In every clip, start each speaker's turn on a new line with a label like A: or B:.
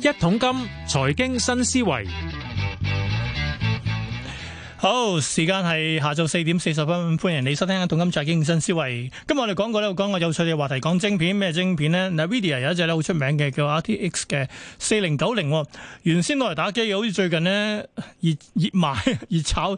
A: 一桶金財經新思維，好，時間係下晝四點四十分，歡迎你收聽一桶金財經新思維。今日我哋講過講個有趣嘅話題，講晶片，咩晶片呢？嗱，NVIDIA 有一隻咧，好出名嘅叫 RTX 嘅四零九零，原先攞嚟打機，好似最近呢熱熱賣熱炒，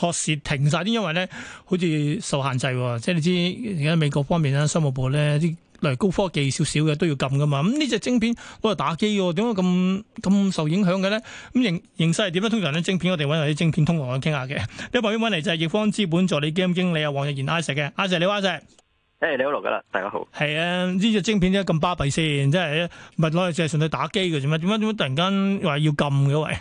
A: 學時停晒，因為呢好似受限制，即係你知而家美國方面咧商務部呢。啲。嚟高科技少少嘅都要禁㗎嘛？咁呢隻晶片攞嚟打機喎，點解咁咁受影響嘅咧？咁形形勢係點咧？通常咧，晶片我哋揾下啲晶片通行去傾下嘅。呢一排要揾嚟就係易方資本助理基金經理啊，王逸研 Isaac 嘅，Isaac 你好 Isaac，Isaac、
B: Isaac，你好六噶啦，大家好。
A: 係啊，呢隻晶片點解咁巴閉先？即係唔攞嚟淨係純粹打機嘅啫嘛？點解點解突然間話要禁嘅位？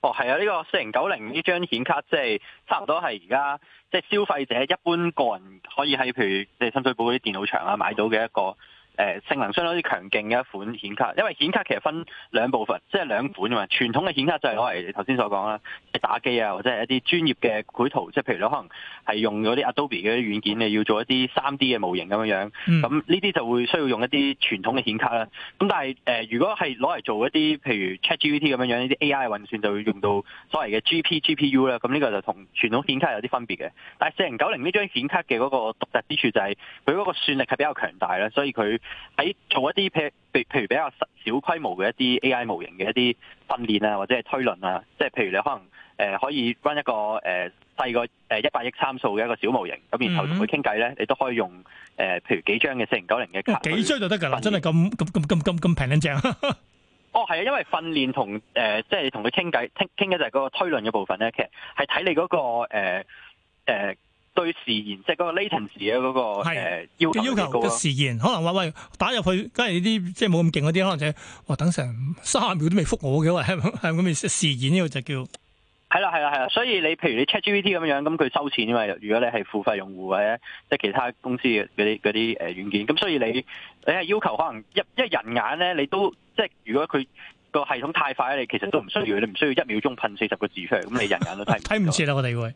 B: 哦，係啊，呢、呢個四零九零呢張顯卡即係、就係、差唔多係而家。即係消費者一般個人可以喺譬如，即係深水埗嗰啲電腦場啊，買到嘅一個。誒性能相當之強勁嘅一款顯卡，因為顯卡其實分兩部分，即係兩款啊嘛。傳統嘅顯卡就係攞嚟頭先所講啦，打機啊或者係一啲專業嘅繪圖，即係譬如你可能係用咗啲 Adobe 嘅軟件，你要做一啲三 D 嘅模型咁樣樣。咁呢啲就會需要用一啲傳統嘅顯卡啦。咁但係誒，如果係攞嚟做一啲譬如 ChatGPT 咁樣樣呢啲 AI 運算，就會用到所謂嘅 GP GPU 啦。咁呢個就同傳統顯卡有啲分別嘅。但係4090呢張顯卡嘅嗰個獨特之處就係佢嗰個算力係比較強大啦，所以佢。喺做一啲譬譬如比較小規模嘅一啲 AI 模型嘅一啲訓練啊或者係推論啊，即係譬如你可能誒、呃、可以 run 一個誒細、呃、個誒一百億參數嘅一個小模型，咁然後同佢傾偈咧，你都可以用誒、呃、譬如幾張嘅四零九零嘅卡，幾張就得噶啦，真
A: 係咁咁咁咁咁咁平靚正。
B: 哦，係啊，因為訓練同誒即係同佢傾偈傾傾嘅就係、是、嗰個推論嘅部分咧，其實係睇你嗰、那個誒誒。呃呃對時延即係嗰個 latency 嘅嗰個要求嘅時
A: 延，可能話喂打入去，梗係呢啲即係冇咁勁嗰啲，可能就話等成三秒都未覆我嘅，係咪係咁嘅時延呢？呢個就叫
B: 係啦，係啦，係啦。所以你譬如你 ChatGPT 咁樣，咁佢收錢啊嘛。如果你係付費用戶或者即係其他公司嘅嗰啲啲誒軟件，咁所以你你係要求可能一因為人眼咧，你都即係如果佢個系統太快你其實都唔需要，你唔需要一秒鐘噴四十個字出嚟，咁你人眼都
A: 睇睇唔切啦， 我哋會。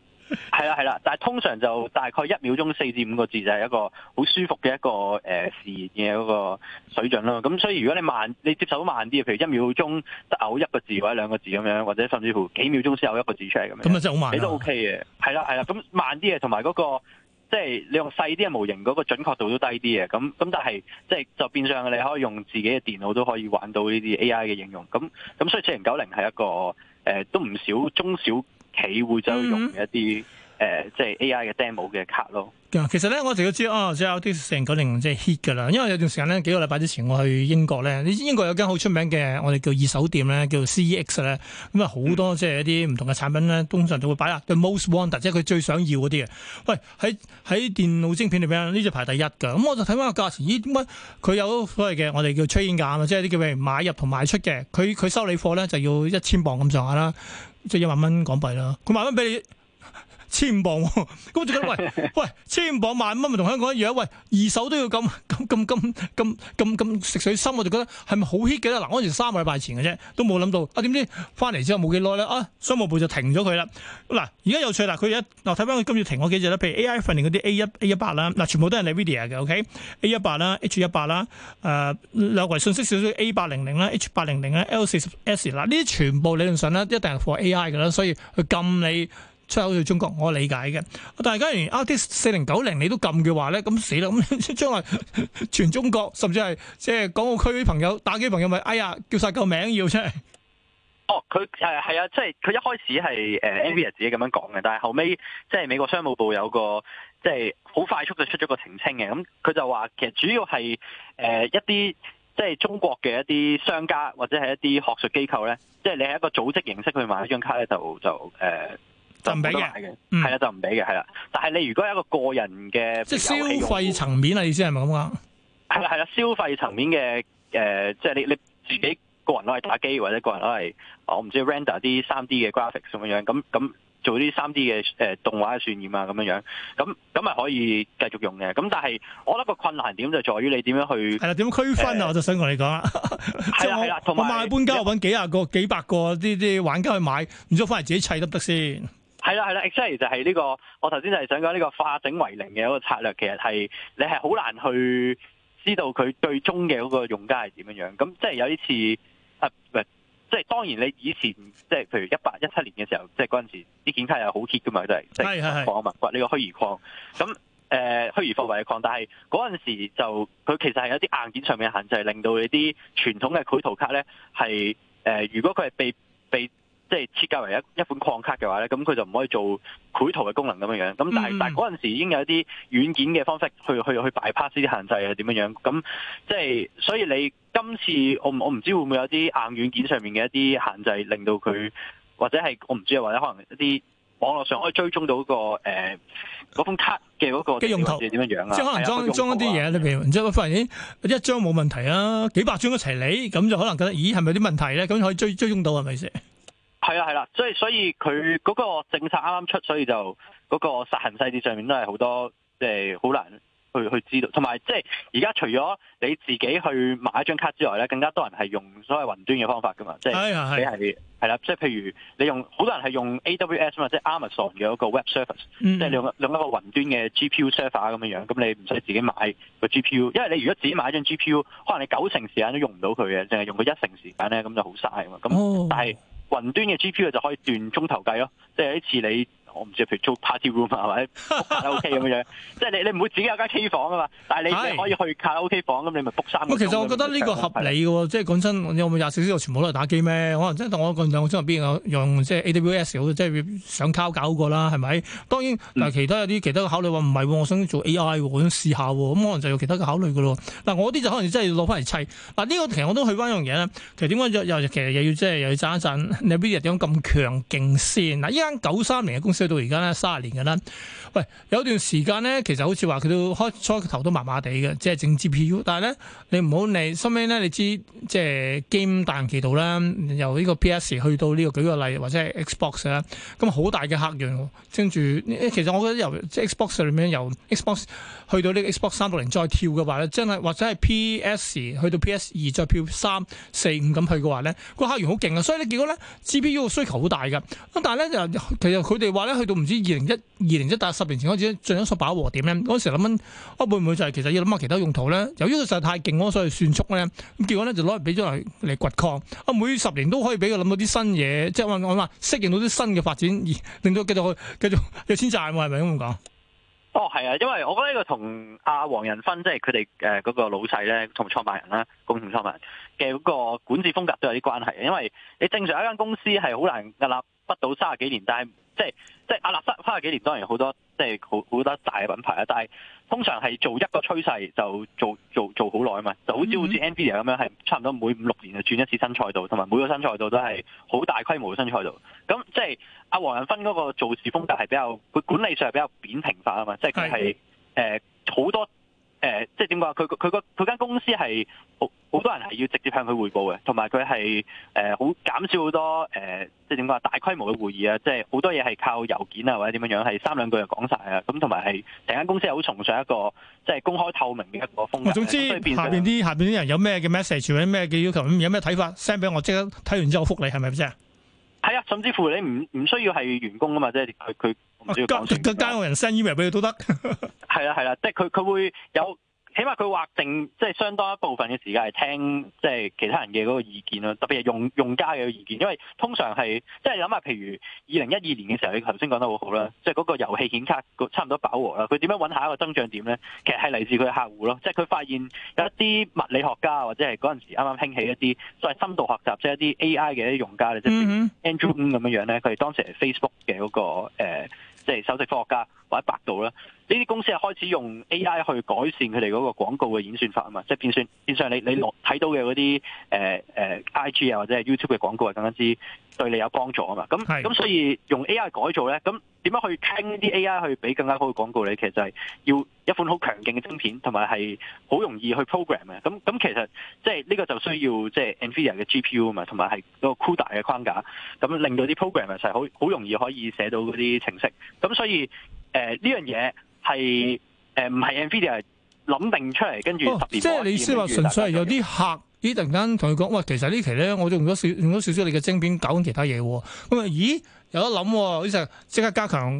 B: 係啦，係啦，但係通常就大概一秒鐘四至五個字就係一個好舒服嘅一個誒試驗嘅嗰個水準咯。咁所以如果你慢，你接受到慢啲，譬如一秒鐘得嘔一個字或者兩個字咁樣，或者甚至乎幾秒鐘先嘔一個字出嚟咁樣，咁啊真係好慢。你都 OK 嘅，係啦，係啦。咁慢啲嘅同埋嗰個即係、就是、你用細啲嘅模型，嗰個準確度都低啲嘅。咁咁但係即係就變相你可以用自己嘅電腦都可以玩到呢啲 AI 嘅應用。咁咁所以四零九零係一個誒、呃、都唔少中小。企會就用一啲誒，即、嗯、
A: 係、嗯呃就是、A.I. 嘅 demo 嘅卡咯。其實咧，我哋都知道哦，仲有啲4090即係 hit 噶啦。因為有段時間呢幾個禮拜之前我去英國咧，英國有間好出名嘅我哋叫二手店咧，叫做 C.E.X 咧，咁啊好多即係一啲唔同嘅產品咧，通常就會擺啊，most wanted 即係佢最想要嗰啲嘅。喂，喺喺電腦晶片入邊，呢隻排第一噶。咁、嗯、我就睇翻個價錢，咦？乜佢有所謂嘅我哋叫 trading 價啊？即係啲叫譬如買入同賣出嘅，佢佢收你貨咧就要一千磅咁上下啦。即係一萬蚊港幣啦，佢萬蚊俾你。千磅喎，咁 我就覺得喂喂，千磅萬蚊咪同香港一樣，喂二手都要咁咁咁咁咁咁咁食水深，我就覺得係咪好 heat 嘅咧？嗱、啊，我嗰陣三個禮拜前嘅啫，都冇諗到啊！點知翻嚟之後冇幾耐咧，啊，商務部就停咗佢啦。嗱、啊，而家有趣啦，佢一嗱睇翻佢今次停咗幾隻咧，譬如 AI 訓練嗰啲 A 一 A 一百啦，嗱全部都係 NVIDIA 嘅，OK，A 一百啦，H 一百啦，誒、okay? 呃、兩維信息少少 A 八零零啦，H 八零零啦，L 四十 S 嗱呢啲全部理論上咧一定係 for AI 嘅啦，所以佢禁你。出口去中國，我理解嘅。但係，假如啱啲四零九零你都撳嘅話咧，咁死啦！咁將嚟全中國，甚至係即係港澳區朋友、打機朋友，咪哎呀叫晒個名要出
B: 嚟。哦，佢誒係啊，即係佢一開始係誒 NVIDIA 自己咁樣講嘅，但係後尾，即係美國商務部有個即係好快速就出咗個澄清嘅。咁、嗯、佢就話其實主要係誒、呃、一啲即係中國嘅一啲商家或者係一啲學術機構咧，即係你喺一個組織形式去買呢張卡咧，就就誒。呃就唔俾嘅，係啦，就唔俾嘅，係、嗯、啦。但係你如果有一個個人嘅，即係消費層
A: 面啊，意思係咪咁啊？係啦，
B: 係啦，消費層面嘅，誒、呃，即、就、係、是、你你自己個人攞嚟打機，或者個人攞嚟，我唔知 render 啲三 D 嘅 graphics 咁樣樣，咁咁做啲三 D 嘅誒動畫渲染啊，咁樣樣，咁咁咪可以繼續用嘅。咁但係我諗個困難點就在於你點樣去係啦？點樣區分啊、呃？我
A: 就想同你講啦，係啦同埋我賣搬家，我搵幾廿個、幾百個啲啲玩家去買，然之後翻嚟自己砌得唔得先？
B: 係啦，係啦 exactly 就係呢、這個，我頭先就係想講呢個化整為零嘅一個策略，其實係你係好難去知道佢最終嘅嗰個用家係點樣樣。咁即係有啲似啊，唔即係當然你以前即係譬如一八一七年嘅時候，即係嗰陣時啲顯卡又好 hit 㗎嘛，都係即係礦物骨呢個虛擬礦。咁誒、呃、虛擬貨幣嘅礦，但係嗰陣時候就佢其實係有啲硬件上面嘅限制，令到你啲傳統嘅繪圖卡咧係誒，如果佢係被被。被即係設計為一一款礦卡嘅話咧，咁佢就唔可以做繪圖嘅功能咁樣樣。咁但係、嗯、但係嗰陣時已經有一啲軟件嘅方式去去去 bypass 啲限制啊，點樣樣咁即係。所以你今次我我唔知會唔會有啲硬軟件上面嘅一啲限制，令到佢或者係我唔知啊，或者可能一啲網絡上可以追蹤到、個誒嗰封卡嘅嗰、個、個用途係點樣樣啊，即係可能裝裝
A: 一啲嘢喺度邊，即係可能已經一張冇問題啊，幾百張一齊嚟咁就可能覺得咦係咪有啲問題咧？咁可以追追蹤到係咪先？是
B: 係啊，係啦，所以所以佢嗰個政策啱啱出，所以就嗰個實行細節上面都係好多，即係好難去去知道。同埋即係而家除咗你自己去買一張卡之外咧，更加多人係用所謂雲端嘅方法噶嘛，即係你係係啦。即係譬如你用好多人係用 AWS 嘛，即係 Amazon 嘅嗰個 Web Service，即係用用一個雲端嘅 GPU server 咁樣樣。咁你唔使自己買個 GPU，因為你如果自己買一張 GPU，可能你九成時間都用唔到佢嘅，淨係用佢一,一成時間咧，咁就好嘥嘛。咁，哦，但係雲端嘅 GPU 就可以斷鐘頭計咯，即係一次你。我唔知，譬如租 party room 啊， 或者 book 下 O K 咁樣，即係你
A: 你唔會自己有間 K 房啊嘛， 但係你可以去卡拉 O K 房咁，你咪 book 三個。其實我覺得呢個合理嘅喎，即係講真，有冇廿四小時全部都係打機咩？可能真係我兩個用邊個用即係 A W S，好即係想靠搞個啦，係咪？當然嗱、嗯，其他有啲其他嘅考慮話唔係，我想做 A I，我想試下喎，咁可能就有其他嘅考慮嘅咯。嗱，我啲就可能真係攞翻嚟砌。嗱，呢個其實我都去翻一樣嘢啦。其實點解又又其實又，又要即係又要爭一陣，你邊日點咁強勁先？嗱，依間九三年嘅公司。去到而家咧，三十年嘅啦。喂，有段時間咧，其實好似話佢都開初頭都麻麻地嘅，即係整 G P U。但係咧，你唔好你收尾咧，你知即係 game 大行其道啦。由呢個 P S 去到呢個舉個例，或者係 Xbox 啦，咁好大嘅客源。跟住，其實我覺得由即係 Xbox 裏面由 Xbox 去到呢個 Xbox 三六零再跳嘅話咧，真係或者係 P S 去到 P S 二再跳三四五咁去嘅話咧，個客源好勁啊。所以你見果咧，G P U 嘅需求好大噶。咁但係咧，就其實佢哋話咧。去到唔知二零一、二零一十年前開始咧，進入咗飽和點咧。嗰時諗緊，啊會唔會就係、是、其實要諗下其他用途咧？由於佢實在太勁，所以算速咧，咁結果咧就攞嚟俾咗嚟嚟掘礦。啊，每十年都可以俾佢諗到啲新嘢，即係話適應到啲新嘅發展，而令到繼續去繼續有錢賺喎，係咪咁講？
B: 哦，係啊，因為我覺得呢個同阿黃仁勳，即係佢哋誒嗰個老細咧，同創辦人啦，共同創辦人嘅嗰個管治風格都有啲關係。因為你正常一間公司係好難壓笠。得到卅幾年，但係即係即係阿納三卅幾年，當然好多即係好好多大品牌啦。但係通常係做一個趨勢就做做做好耐啊嘛，就好似好似 Nvidia 咁樣，係差唔多每五六年就轉一次新賽道，同埋每個新賽道都係好大規模嘅新賽道。咁即係阿黃仁勳嗰個做事風格係比較，佢管理上係比較扁平化啊嘛，即係佢係誒好多。誒、呃，即係點講啊？佢佢個佢間公司係好好多人係要直接向佢匯報嘅，同埋佢係誒好減少好多誒、呃，即係點講啊？大規模嘅會議啊，即係好多嘢係靠郵件啊，或者點樣樣係三兩句就講晒啊。咁同埋係成間公司係好崇尚一個即係公開透明嘅一個風格。總之下邊啲
A: 下邊啲人有咩嘅 message 或者咩嘅要求，咁有咩睇法 send 俾我，即刻睇完之後我覆你係咪先
B: 啊？係啊，甚至乎你唔唔需要係員工啊嘛，即係佢佢。佢個、啊、個家,家,家人 send email 俾佢都得，係啦係啦，即係佢佢會有起碼佢話定即係、就是、相當一部分嘅時間係聽即係、就是、其他人嘅嗰個意見啦，特別係用用家嘅意見，因為通常係即係諗下，就是、想想譬如二零一二年嘅時候，你頭先講得好好啦，即係嗰個遊戲顯卡個差唔多飽和啦，佢點樣揾下一個增長點咧？其實係嚟自佢嘅客戶咯，即係佢發現有一啲物理學家或者係嗰陣時啱啱興起一啲所謂深度學習即係、就是、一啲 AI 嘅一啲用家咧，即、就、係、是、Andrew Ng 咁樣樣咧，佢哋當時係 Facebook 嘅嗰、那個、呃即係首席科學家。喺百度啦，呢啲公司係開始用 AI 去改善佢哋嗰個廣告嘅演算法啊嘛，即係變算變相你你睇到嘅嗰啲誒誒 IG 啊或者係 YouTube 嘅廣告係更加之對你有幫助啊嘛，咁咁所以用 AI 改造咧，咁點樣去傾啲 AI 去俾更加好嘅廣告咧？其實就係要一款好強勁嘅晶片，同埋係好容易去 program 嘅，咁咁其實即係呢個就需要即係 NVIDIA 嘅 GPU 啊嘛，同埋係嗰個 CUDA 嘅框架，咁令到啲 program 係好好容易可以寫到嗰啲程式，咁所以。誒、呃、呢樣嘢係誒唔係 NVIDIA 諗定出嚟，跟住、哦、即係你意思話純粹係有啲
A: 客咦，突然間同佢講，喂、哎，其實期呢期咧，我用咗少用咗少少你嘅晶片搞緊其他嘢喎。咁啊，咦？有得諗喎、啊，似是即刻加強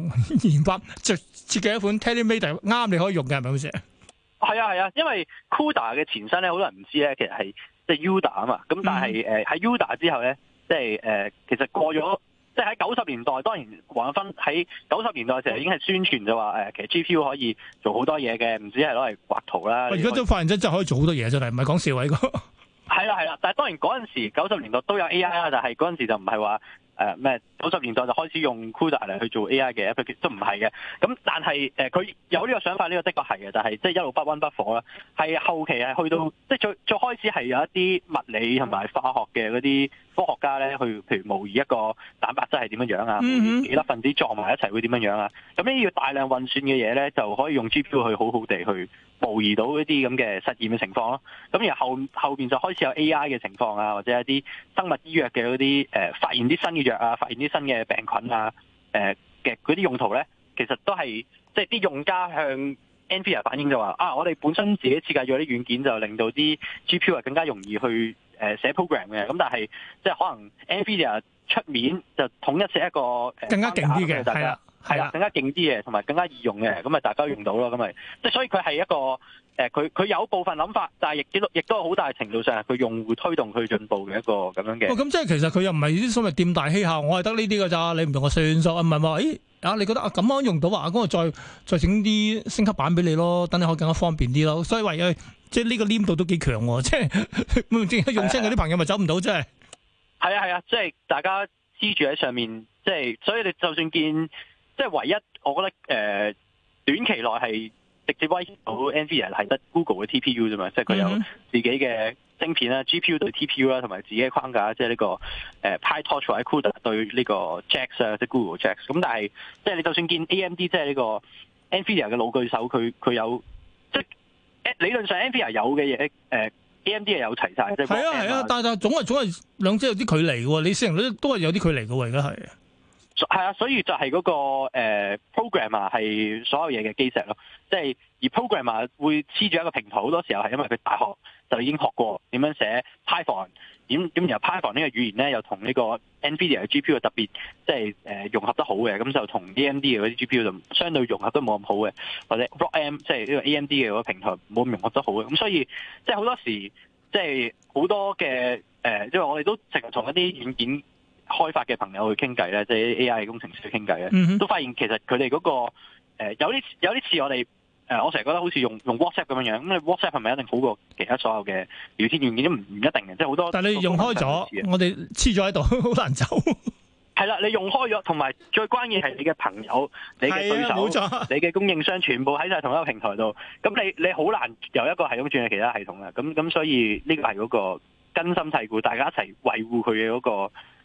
A: 研發，就 設，設計一款 Telemate 啱你可以用嘅，係咪好先？
B: 係啊係啊，因為 CUDA 嘅前身咧，好多人唔知咧，其實係即係 UDA 啊嘛。咁、嗯、但係、呃、喺 UDA 之後咧，即係、呃、其實過咗。即係喺九十年代，當然黃雲芬喺九十年代時候，已經係宣傳就話誒，其實 GPU 可以做好多嘢嘅，唔止係攞嚟畫圖啦。而家都
A: 發現真真係可以做好多嘢，真係唔係講笑個。
B: 係啦，係啦，但係當然嗰陣時九十年代都有 AI 啦，但係嗰陣時就唔係話誒咩九十年代就開始用 CUDA 嚟去做 AI 嘅，都唔係嘅。咁但係誒佢有呢個想法，呢個的確係嘅，但係即係一路不溫不火啦。係後期係去到即係最最開始係有一啲物理同埋化學嘅嗰啲科學家咧，去譬如模擬一個蛋白質係點樣樣啊，幾粒分子撞埋一齊會點樣樣啊，咁呢啲要大量運算嘅嘢咧，就可以用 GPU 去好好地去。模擬到嗰啲咁嘅實驗嘅情況咯，咁然後後面就開始有 AI 嘅情況啊，或者一啲生物醫藥嘅嗰啲誒發現啲新嘅藥啊，發現啲新嘅病菌啊，誒嘅嗰啲用途咧，其實都係即係啲用家向 NVIDIA 反映就話啊，我哋本身自己設計咗啲軟件就令到啲 GPU 更加容易去誒寫 program 嘅，咁但係即係可能 NVIDIA 出面就統一寫一個更加勁啲嘅，係、呃、啦。係啦，更加勁啲嘅，同埋更加易用嘅，咁咪大家就用到咯，咁咪即係所以佢係一個誒，佢佢有部分諗法，但係亦都亦都好大程度上係佢用戶推動佢進步嘅一個咁樣嘅、哦。哇、嗯！
A: 咁即係其實佢又唔係啲所謂店大欺客，我係得呢啲㗎咋，你唔同我算數啊？唔係話誒啊，你覺得啊咁樣用到啊，咁我再再整啲升級版俾你咯，等你可以更加方便啲咯。所以話、呃、即係呢個黏度都幾強喎，即係用親嗰啲朋友咪走唔到，即
B: 係。係啊係啊，即係大家黐住喺上面，即係所以你就算見。即係唯一，我覺得誒短期內係直接威到 Nvidia 係得 Google 嘅 TPU 啫嘛，即係佢有自己嘅芯片啦、GPU 對 TPU 啦，同埋自己嘅框架，即係呢個誒 PyTorch 或者 CUDA 對呢個 Jax 啊，即係 Google Jax。咁但係、就是、即係你就算見 AMD 即係呢個 Nvidia 嘅老對手，佢佢有即係、就是、理論上 Nvidia 有嘅嘢，誒 AMD 係有齊曬。係、嗯就是、啊係啊，啊，但
A: 係總係總係兩者有啲距離喎，你市盈率都係有啲距離嘅喎，而家
B: 係。係啊，所以就係嗰個 programmer 係所有嘢嘅基石咯。即係而 programmer 會黐住一個平台，好多時候係因為佢大學就已經學過點樣寫 Python，點點然後 Python 呢個語言咧又同呢個 Nvidia 嘅 GPU 特別即係、就是呃、融合得好嘅，咁就同 AMD 嘅嗰啲 GPU 就相對融合得冇咁好嘅，或者 Rock M 即係呢個 AMD 嘅嗰個平台冇咁融合得好嘅。咁所以即係好多時即係好多嘅誒，因、呃、為我哋都成日同一啲軟件。開發嘅朋友去傾偈咧，即係 A.I. 嘅工程師去傾偈咧，都發現其實佢哋嗰個有啲有啲似我哋誒，我成日覺得好似用用 WhatsApp 咁樣樣，咁你 WhatsApp 係咪一定好過其他所有嘅聊天軟件？都唔唔一定嘅，即係好多。但係你用開咗，
A: 我哋黐咗喺度，好難走。
B: 係 啦，你用開咗，同埋最關鍵係你嘅朋友、你嘅對手、 你嘅供應商，全部喺晒同一個平台度。咁你你好難由一個系統轉去其他系統啊。咁咁所以呢個係嗰個根深蒂固，大家一齊維護佢嘅嗰個。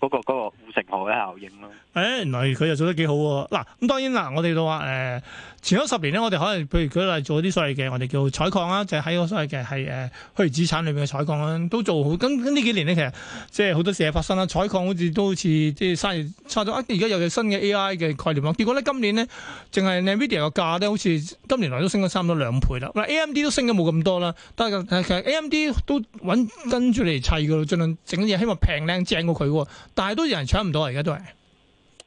B: 嗰、那個嗰護、
A: 那個、城河嘅效應咯、啊，誒原來佢又做得幾好喎！嗱咁當然啦，我哋都話誒前嗰十年咧，我哋可能譬如佢嚟做啲所謂嘅我哋叫採礦啦，就喺、是、嗰所謂嘅係誒虛擬資產裏邊嘅採礦啦，都做好。咁呢幾年咧，其實即係好多事係發生啦。採礦好似都好似即係生意差咗啊！而家又有新嘅 AI 嘅概念咯。結果咧，今年咧，淨係 NVIDIA 個價咧，好似今年嚟都升咗差唔多兩倍啦。嗱，AMD 都升咗冇咁多啦，但係其實 AMD 都揾跟住嚟砌噶咯，儘量整啲嘢希望平靚正過佢喎。但係都有人搶唔到啊！而家都
B: 係，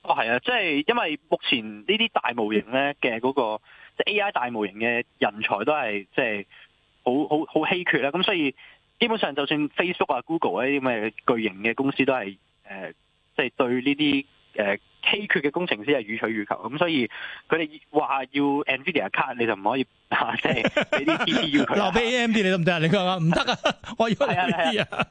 B: 哦係啊，即係因為目前呢啲大模型咧嘅嗰個即係 A I 大模型嘅人才都係即係好好好稀缺啦。咁所以基本上就算 Facebook 啊、Google 呢啲咁嘅巨型嘅公司都係誒，即係對呢啲誒稀缺嘅工程師係予取予求。咁所以佢哋話要 Nvidia 卡，你就唔可以即係俾啲 P P 要佢，我
A: 俾 A M D 你得唔得啊？你講唔得啊？
B: 我要你啲啊！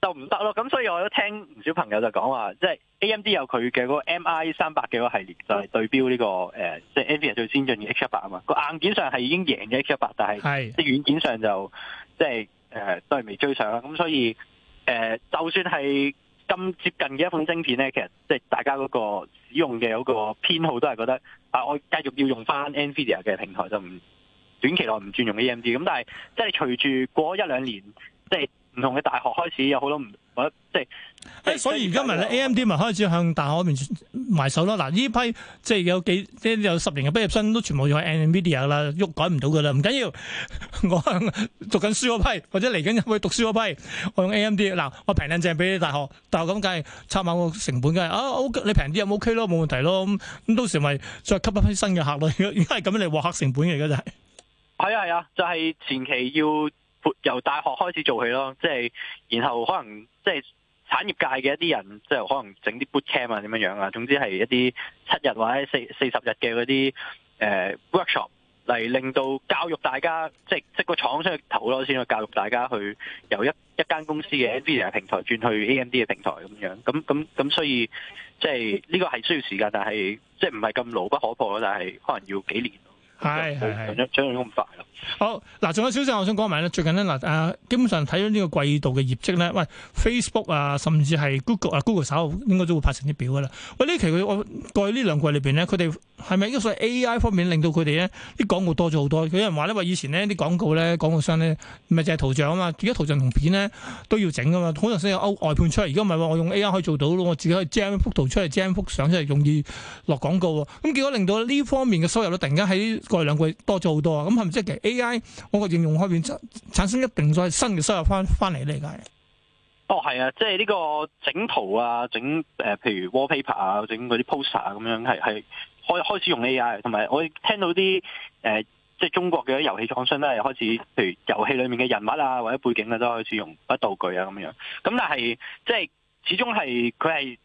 B: 就唔得咯，咁所以我都聽唔少朋友就講話，即、就、係、是、A M D 有佢嘅嗰個 M I 三百嘅個系列，就係、是、對標呢、這個誒，即、呃、係、就是、N V I D I A 最先進嘅 H 一百啊嘛。個硬件上係已經贏咗 H 一百，但係即係軟件上就即係誒都係未追上啦。咁所以誒、呃，就算係咁接近嘅一款晶片咧，其實即係大家嗰個使用嘅嗰個偏好都係覺得，啊我繼續要用翻 N V I D I A 嘅平台就唔，短期內唔轉用 A M D。咁但係即係隨住過一兩年。唔同嘅大學開始有好多唔，即係、欸，所以而家咪咧 A M D
A: 咪開始向大學嗰邊埋手咯。嗱，呢批即係有幾即係有十年嘅畢業生都全部用 NVIDIA 啦，喐改唔到噶啦，唔緊要。我讀緊書嗰批，或者嚟緊會讀書嗰批，我用 A M D。嗱，我平靚正俾你大學，但學咁梗係差唔多成本，梗係啊，O K，你平啲又 O K 咯，冇問題咯。咁咁到時咪再吸一,一批新嘅客咯。而家係咁樣嚟獲客成本嘅而家就
B: 係，係啊係啊，就係、係、前期要。由大學開始做起咯，即、就、係、是、然後可能即係、就是、產業界嘅一啲人，即、就、係、是、可能整啲 bootcamp 啊，點樣樣啊，總之係一啲七日或者四四十日嘅嗰啲 workshop 嚟令到教育大家，就是、即係即係個廠出去投咯，先去教育大家去由一一間公司嘅 NVIDIA 平台轉去 AMD 嘅平台咁樣，咁咁咁，所以即係呢個係需要時間，但係即係唔係咁牢不可破咯，但係可能要幾年。係係係，咁
A: 快樂好嗱，仲有少少，我想講埋咧。最近咧嗱，啊，基本上睇咗呢個季度嘅業績咧，喂，Facebook 啊，甚至係 Google 啊，Google 手，應該都會拍成啲表噶啦。喂，呢期佢我過去呢兩季裏邊咧，佢哋。係咪因為 AI 方面令到佢哋咧啲廣告多咗好多？有人話咧話以前呢啲廣告咧廣告商咧咪淨係圖像啊嘛，而家圖像同片咧都要整㗎嘛，好難先有歐外判出嚟。而家唔係話我用 AI 可以做到咯，我自己可以 jam 幅圖出嚟 jam 幅相出嚟，容易落廣告。咁結果令到呢方面嘅收入咧，突然間喺過去兩個月多咗好多啊！咁係咪即係其實 AI 嗰個應用開片產生一定再新嘅收入翻翻嚟咧？而家
B: 哦係啊，即係呢個整圖啊，整、呃、譬如 wallpaper 啊，整嗰啲 poster 啊，咁樣係係。開開始用 A I，同埋我聽到啲誒、呃，即係中國嘅遊戲廠商，咧，係開始，譬如遊戲裏面嘅人物啊，或者背景啊，都開始用不道具啊咁樣。咁但係即係始終係佢係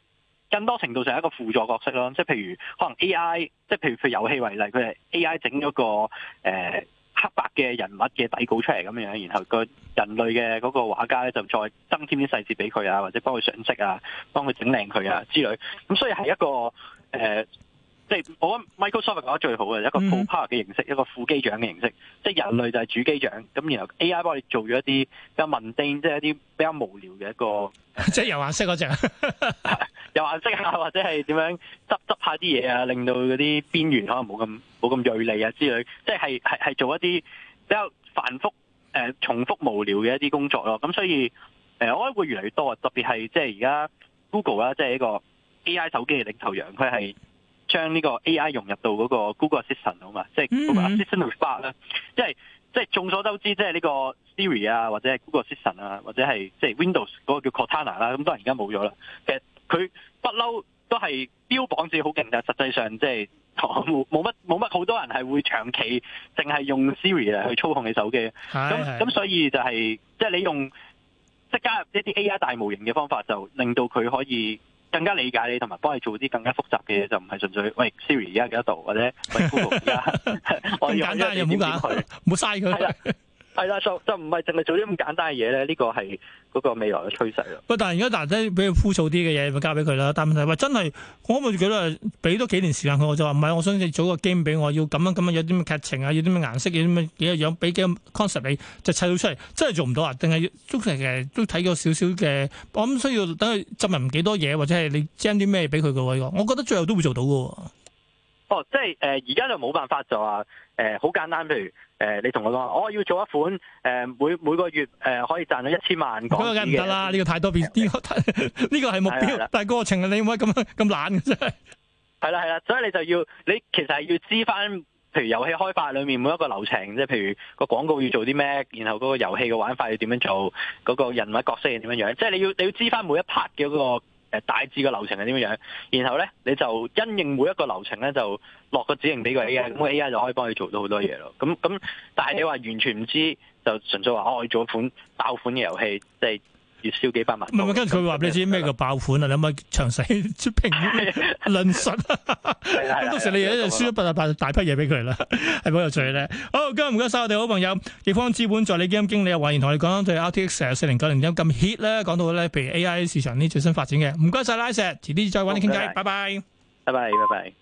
B: 更多程度上一個輔助角色咯。即係譬如可能 A I，即係譬如佢遊遊戲為例，佢係 A I 整咗個誒、呃、黑白嘅人物嘅底稿出嚟咁樣，然後個人類嘅嗰個畫家咧就再增添啲細節俾佢啊，或者幫佢上色啊，幫佢整靚佢啊之類。咁所以係一個誒。呃即係我 Microsoft 講得最好嘅一個 Co-Pilot 嘅形式，一個副機長嘅形式，即係人類就係主機長咁，然後 A.I. 幫你做咗一啲比較文定，即係一啲比較無聊嘅一個
A: 即係油顏色嗰隻
B: 油顏色啊，或者係點樣執執下啲嘢啊，令到嗰啲邊緣可能冇咁冇咁銳利啊之類，即係係係係做一啲比較繁複誒、呃、重複無聊嘅一啲工作咯。咁所以誒、呃，我諗會越嚟越多啊。特別係即係而家 Google 啦，即係一個 A.I. 手機嘅領頭羊，佢係。將呢個 AI 融入到嗰個 Google Assistant 好嘛？即係 Google Assistant 八咧，即係即係眾所周知，即係呢個 Siri 啊，或者係 Google Assistant 啊，或者係即係 Windows 嗰個叫 Cortana 啦。咁當然而家冇咗啦。其實佢不嬲都係標榜自己好勁，但實際上即係冇乜冇乜，好多人係會長期淨係用 Siri 嚟去操控你手機。咁、嗯、咁、嗯、所以就係即係你用即係加入一啲 AI 大模型嘅方法，就令到佢可以。更加理解你，同埋幫你做啲更加複雜嘅嘢，就唔係純粹喂 Siri 而家幾多度，或者喂 Google 而家最簡單唔好揀佢，唔好嘥佢？ 係啦，就就
A: 唔係淨係做啲咁簡單嘅嘢咧，呢個係嗰個未來嘅趨勢咯。不過但係而家大得比較枯燥啲嘅嘢，咪交俾佢啦。但係問題話真係，我諗佢都俾多幾年時間佢。我就話唔係，我想你做個 game 俾我，要咁樣咁樣，有啲咩劇情啊，要啲咩顏色，要啲咩幾啊樣，俾幾 concept 你，就砌到出嚟，真係做唔到啊！定係都成日都睇過少少嘅，我諗需要等佢浸入幾多嘢，或者係你將啲咩俾佢個，我覺得最後都會做到噶。
B: 哦，即係誒，而、呃、家就冇辦法就話誒，好、呃、簡單，譬如誒、呃，你同我講，我、哦、要做一款誒、呃，每每個月誒、呃、可以賺到一千萬廣告嘅，唔得啦，
A: 呢個太多變，
B: 呢個呢係目標，但係過程你唔可以咁咁懶嘅真係，係啦係啦，所以你就要你其實係要知翻，譬如遊戲開發裏面每一個流程，即係譬如個廣告要做啲咩，然後嗰個遊戲嘅玩法要點樣做，嗰、那個人物角色係點樣樣，即係你要你要知翻每一 part 嘅嗰個。誒大致嘅流程係點樣樣？然後咧，你就因應每一個流程咧，就落個指令俾個 AI，咁個 AI 就可以幫你做到好多嘢咯。咁咁，但係你話完全唔知道，就純粹話去做一款爆款嘅遊戲，即係。月燒幾百萬，唔係跟住佢
A: 話俾你知咩叫爆款啊？你可唔可以詳細評論述啊？到 時你又一又輸咗八啊八大批嘢俾佢啦，係冇又最叻。好，今日唔該晒我哋好朋友易方資本助理基金經理啊，逸研同我哋講對 R T X 四零九零咁 h i t 咧，講到咧，譬如 A I 市場呢最新發展嘅。唔該晒拉石，遲啲再揾你傾偈，拜、嗯、拜，
B: 拜拜，拜拜。